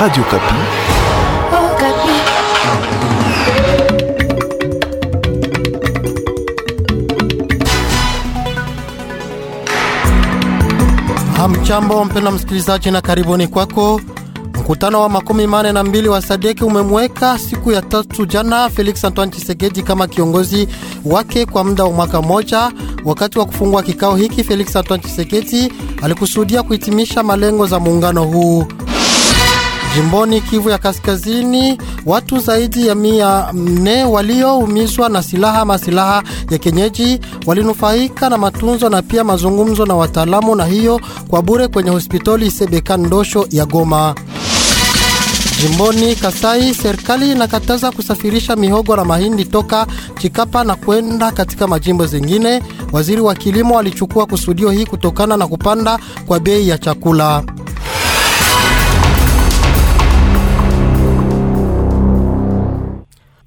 Radio Kapi. Oh, Kapi. mpendwa msikilizaji na karibuni kwako. Mkutano wa makumi mane na mbili wa Sadeki umemweka siku ya tatu jana Felix Antoine Tshisekedi kama kiongozi wake kwa muda wa mwaka mmoja. Wakati wa kufungua kikao hiki, Felix Antoine Tshisekedi alikusudia kuhitimisha malengo za muungano huu. Jimboni Kivu ya Kaskazini, watu zaidi ya mia nne walioumizwa na silaha masilaha ya kienyeji walinufaika na matunzo na pia mazungumzo na wataalamu, na hiyo kwa bure kwenye hospitali Sebeka Ndosho ya Goma. Jimboni Kasai, serikali inakataza kusafirisha mihogo na mahindi toka Chikapa na kwenda katika majimbo zingine. Waziri wa kilimo alichukua kusudio hii kutokana na kupanda kwa bei ya chakula.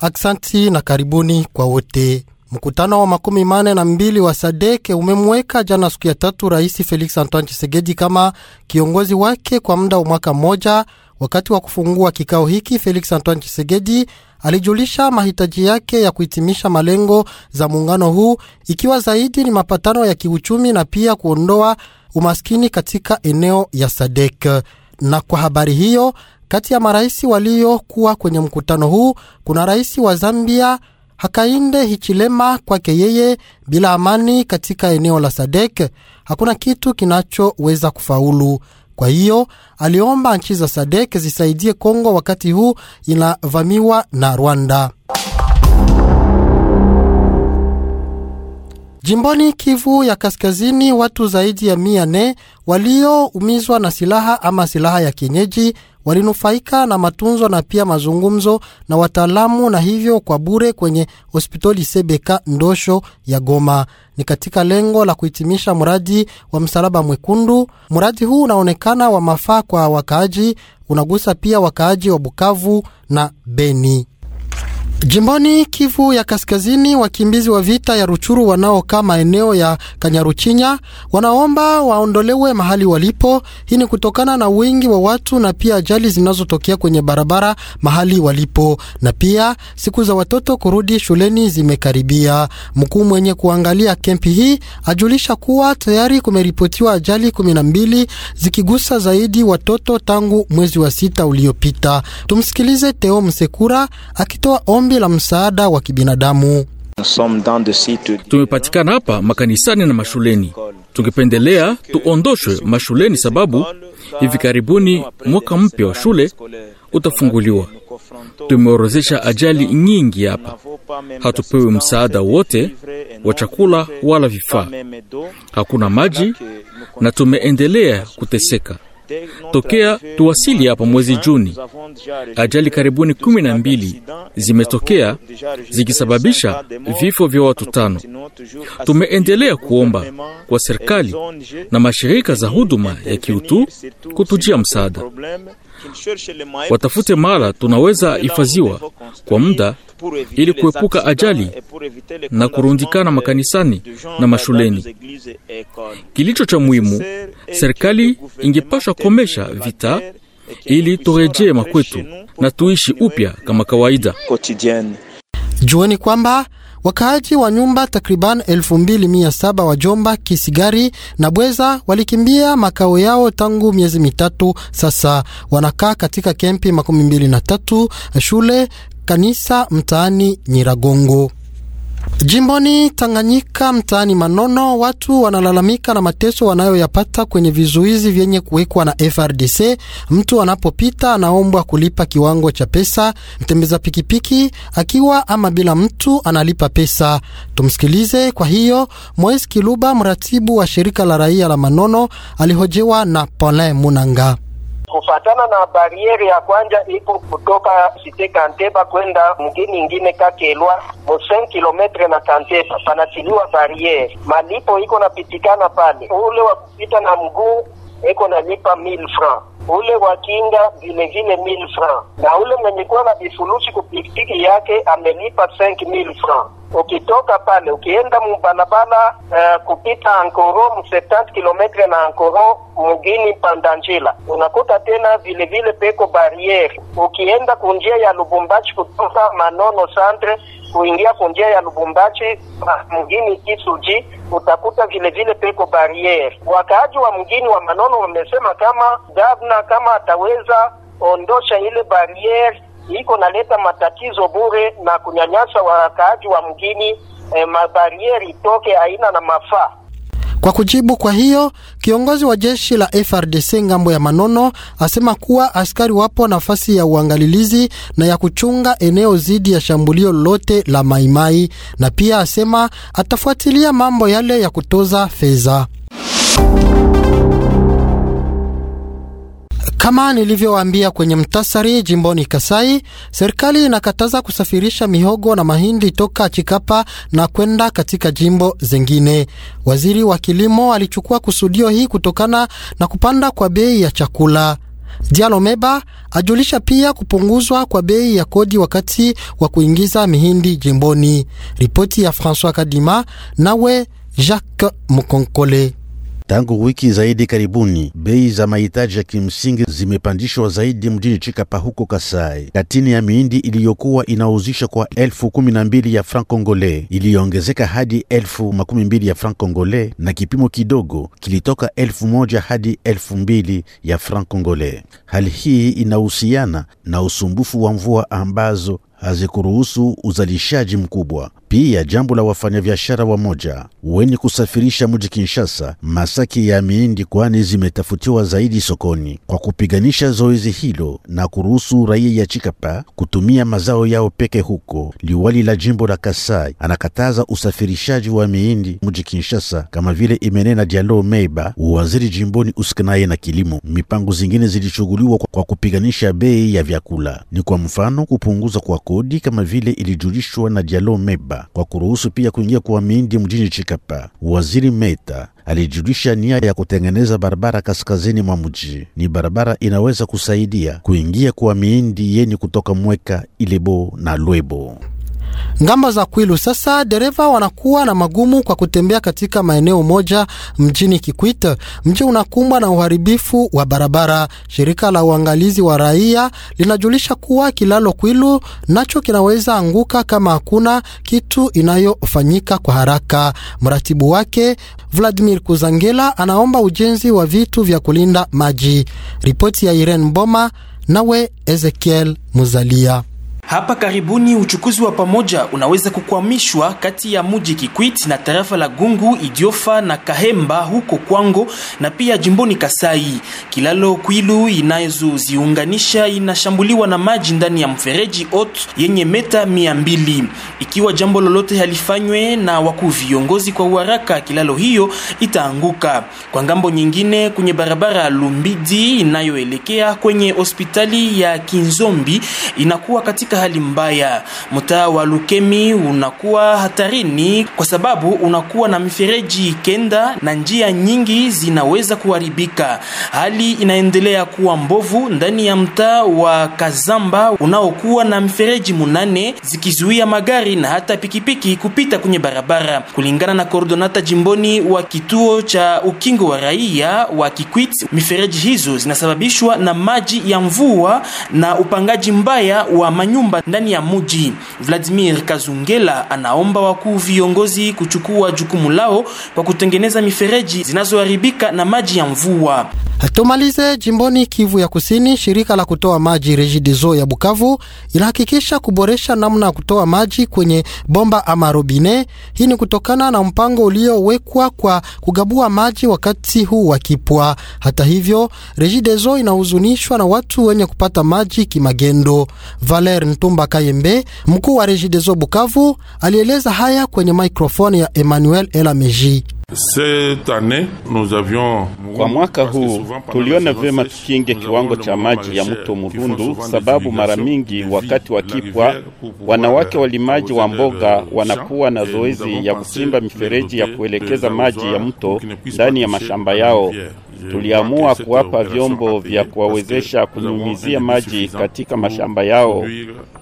Aksanti na karibuni kwa wote. Mkutano wa makumi mane na mbili wa Sadeke umemweka jana siku ya tatu Rais Felix Antoine Tshisekedi kama kiongozi wake kwa muda wa mwaka mmoja. Wakati wa kufungua kikao hiki, Felix Antoine Tshisekedi alijulisha mahitaji yake ya kuhitimisha malengo za muungano huu, ikiwa zaidi ni mapatano ya kiuchumi na pia kuondoa umaskini katika eneo ya Sadek. Na kwa habari hiyo kati ya marais waliokuwa kwenye mkutano huu kuna rais wa Zambia Hakainde Hichilema. Kwake yeye, bila amani katika eneo la Sadek hakuna kitu kinachoweza kufaulu. Kwa hiyo aliomba nchi za Sadek zisaidie Kongo wakati huu inavamiwa na Rwanda. Jimboni Kivu ya Kaskazini, watu zaidi ya mia nne walioumizwa na silaha ama silaha ya kienyeji walinufaika na matunzo na pia mazungumzo na wataalamu na hivyo kwa bure kwenye hospitali Sebeka Ndosho ya Goma. Ni katika lengo la kuhitimisha mradi wa Msalaba Mwekundu. Mradi huu unaonekana wa mafaa kwa wakaaji, unagusa pia wakaaji wa Bukavu na Beni. Jimboni Kivu ya Kaskazini, wakimbizi wa vita ya Ruchuru wanaokaa maeneo ya Kanyaruchinya wanaomba waondolewe mahali walipo. Hii ni kutokana na wingi wa watu na pia ajali zinazotokea kwenye barabara mahali walipo, na pia siku za watoto kurudi shuleni zimekaribia. Mkuu mwenye kuangalia kempi hii ajulisha kuwa tayari kumeripotiwa ajali kumi na mbili zikigusa zaidi watoto tangu mwezi wa sita uliopita. Tumsikilize Teo Msekura akitoa ombi ombi la msaada wa kibinadamu. Tumepatikana hapa makanisani na mashuleni. Tungependelea tuondoshwe mashuleni, sababu hivi karibuni mwaka mpya wa shule utafunguliwa. Tumeorozesha ajali nyingi hapa, hatupewi msaada wote wa chakula wala vifaa, hakuna maji na tumeendelea kuteseka. Tokea tuwasili hapa mwezi Juni, ajali karibuni kumi na mbili zimetokea zikisababisha vifo vya watu tano. Tumeendelea kuomba kwa serikali na mashirika za huduma ya kiutu kutujia msaada, watafute mara tunaweza hifadhiwa kwa muda ili kuepuka ajali na kurundikana makanisani na mashuleni. Kilicho cha muhimu, serikali ingepashwa komesha vita ili turejee makwetu na tuishi upya kama kawaida. Jueni kwamba Wakaaji wa nyumba takriban 2700 wa Jomba, Kisigari na Bweza walikimbia makao yao tangu miezi mitatu sasa. Wanakaa katika kempi makumi mbili na tatu, shule, kanisa mtaani Nyiragongo. Jimboni Tanganyika, mtaani Manono, watu wanalalamika na mateso wanayoyapata kwenye vizuizi vyenye kuwekwa na FRDC. Mtu anapopita anaombwa kulipa kiwango cha pesa. Mtembeza pikipiki akiwa ama bila mtu analipa pesa. Tumsikilize. Kwa hiyo Moise Kiluba, mratibu wa shirika la raia la Manono, alihojewa na Paulin Munanga kufatana na bariere ya kwanja ipo kutoka site Kanteba kwenda mgini ingine Kakelwa mo 5 kilometre na Kanteba panatiliwa bariere, malipo iko napitikana pale, ule wa kupita na mguu eko nalipa 1000 francs ule wa kinga vile 1000 francs na ule mwenye kuwa na vifurushi kupikipiki yake amelipa 5000 francs. Ukitoka pale ukienda mubalabala uh, eh, kupita Ankoro mu 70 km na Ankoro mugini Pandanjila, unakuta tena vile vile peko barriere. Ukienda kunjia ya Lubumbashi kutoka Manono centre kuingia njia ya Lubumbashi mgini Kisuji, utakuta vilevile peko bariere. Wakaaji wa mgini wa Manono wamesema kama gavana kama ataweza ondosha ile bariere iko naleta matatizo bure na kunyanyasa wakaaji wa mgini, eh, mabariere itoke aina na mafaa kwa kujibu kwa hiyo, kiongozi wa jeshi la FRDC ngambo ya Manono asema kuwa askari wapo nafasi ya uangalilizi na ya kuchunga eneo zidi ya shambulio lolote la Maimai, na pia asema atafuatilia mambo yale ya kutoza fedha. Kama nilivyowaambia kwenye mtasari, jimboni Kasai serikali inakataza kusafirisha mihogo na mahindi toka Chikapa na kwenda katika jimbo zengine. Waziri wa kilimo alichukua kusudio hii kutokana na kupanda kwa bei ya chakula. Dialo Meba ajulisha pia kupunguzwa kwa bei ya kodi wakati wa kuingiza mihindi jimboni. Ripoti ya François Kadima nawe Jacques Mukonkole. Tangu wiki zaidi karibuni, bei za mahitaji ya kimsingi zimepandishwa zaidi mjini Chikapa huko Kasai. Katini ya mihindi iliyokuwa inauzishwa kwa elfu kumi na mbili ya franc congolais iliyoongezeka hadi elfu makumi mbili ya franc congolais na kipimo kidogo kilitoka elfu moja hadi elfu mbili ya franc congolais. Hali hii inahusiana na usumbufu wa mvua ambazo hazikuruhusu uzalishaji mkubwa. Pia jambo la wafanyabiashara wamoja wenye kusafirisha mji Kinshasa masaki ya mihindi, kwani zimetafutiwa zaidi sokoni. Kwa kupiganisha zoezi hilo na kuruhusu raia ya Chikapa kutumia mazao yao peke huko, liwali la jimbo la Kasai anakataza usafirishaji wa miindi mji Kinshasa, kama vile imenena Dialo Meiba, waziri jimboni usikanaye na kilimo. Mipango zingine zilichuguliwa kwa kupiganisha bei ya vyakula, ni kwa mfano kupunguza kwa kodi kama vile ilijulishwa na Dialo Meba kwa kuruhusu pia kuingia kwa miindi mjini Chikapa. Waziri Meta alijulisha nia ya kutengeneza barabara kaskazini mwa mji. Ni barabara inaweza kusaidia kuingia kwa miindi yenye kutoka Mweka, Ilebo na Lwebo. Ngamba za Kwilu sasa dereva wanakuwa na magumu kwa kutembea katika maeneo moja mjini Kikwit. Mji unakumbwa na uharibifu wa barabara. Shirika la uangalizi wa raia linajulisha kuwa kilalo Kwilu nacho kinaweza anguka kama hakuna kitu inayofanyika kwa haraka. Mratibu wake Vladimir Kuzangela anaomba ujenzi wa vitu vya kulinda maji. Ripoti ya Irene Mboma nawe Ezekiel Muzalia. Hapa karibuni uchukuzi wa pamoja unaweza kukwamishwa kati ya muji Kikwit na tarafa la Gungu, Idiofa na Kahemba huko Kwango na pia jimboni Kasai. Kilalo Kwilu inazoziunganisha inashambuliwa na maji ndani ya mfereji ot yenye meta mia mbili. Ikiwa jambo lolote halifanywe na wakuu viongozi kwa uharaka, kilalo hiyo itaanguka. Kwa ngambo nyingine, kwenye barabara Lumbidi inayoelekea kwenye hospitali ya Kinzombi inakuwa katika hali mbaya. Mtaa wa Lukemi unakuwa hatarini kwa sababu unakuwa na mifereji kenda na njia nyingi zinaweza kuharibika. Hali inaendelea kuwa mbovu ndani ya mtaa wa Kazamba unaokuwa na mifereji munane zikizuia magari na hata pikipiki kupita kwenye barabara. Kulingana na koordonata jimboni wa kituo cha ukingo wa raia wa Kikwit, mifereji hizo zinasababishwa na maji ya mvua na upangaji mbaya wa manyumba nyumba ndani ya muji. Vladimir Kazungela anaomba wakuu viongozi kuchukua jukumu lao kwa kutengeneza mifereji zinazoharibika na maji ya mvua. Tumalize jimboni Kivu ya Kusini. Shirika la kutoa maji Regideso ya Bukavu inahakikisha kuboresha namna ya kutoa maji kwenye bomba ama robine. Hii ni kutokana na mpango uliowekwa kwa kugabua maji wakati huu wa kipwa. Hata hivyo, Regideso inahuzunishwa na watu wenye kupata maji kimagendo. Valer Ntumba Kayembe, mkuu wa Regideso Bukavu, alieleza haya kwenye mikrofoni ya Emmanuel Elameji. Kwa mwaka huu tuliona vyema tukinge kiwango cha maji ya mto Murundu, sababu mara mingi wakati wa kipwa wanawake euh, walimaji wa mboga wanakuwa na zoezi ya kuchimba mifereji ya kuelekeza maji ya mto ndani ya mashamba yao. Tuliamua kuwapa vyombo vya kuwawezesha kunyunyizia maji katika mashamba yao,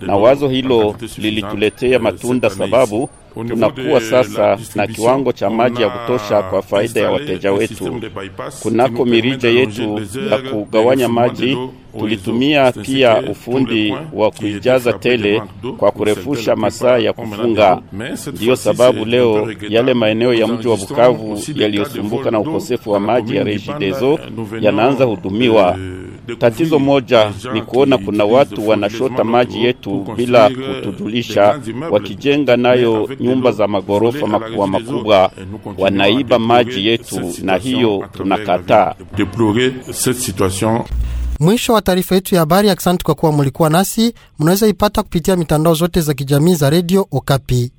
na wazo hilo lilituletea matunda sababu tunakuwa sasa na kiwango cha maji ya kutosha kwa faida ya wateja wetu. Kunako mirija yetu ya kugawanya maji, tulitumia pia ufundi wa kuijaza tele kwa kurefusha masaa ya kufunga. Ndiyo sababu leo yale maeneo ya mji wa Bukavu yaliyosumbuka na ukosefu wa maji ya Regideso yanaanza hudumiwa. Euh, Tatizo moja ni kuona kuna watu wanashota maji yetu bila kutujulisha, wakijenga nayo nyumba za magorofa makubwa makubwa, wanaiba maji yetu, na hiyo tunakataa. Mwisho wa taarifa yetu ya habari. Asante kwa kuwa mulikuwa nasi. Mnaweza ipata kupitia mitandao zote za kijamii za redio Okapi.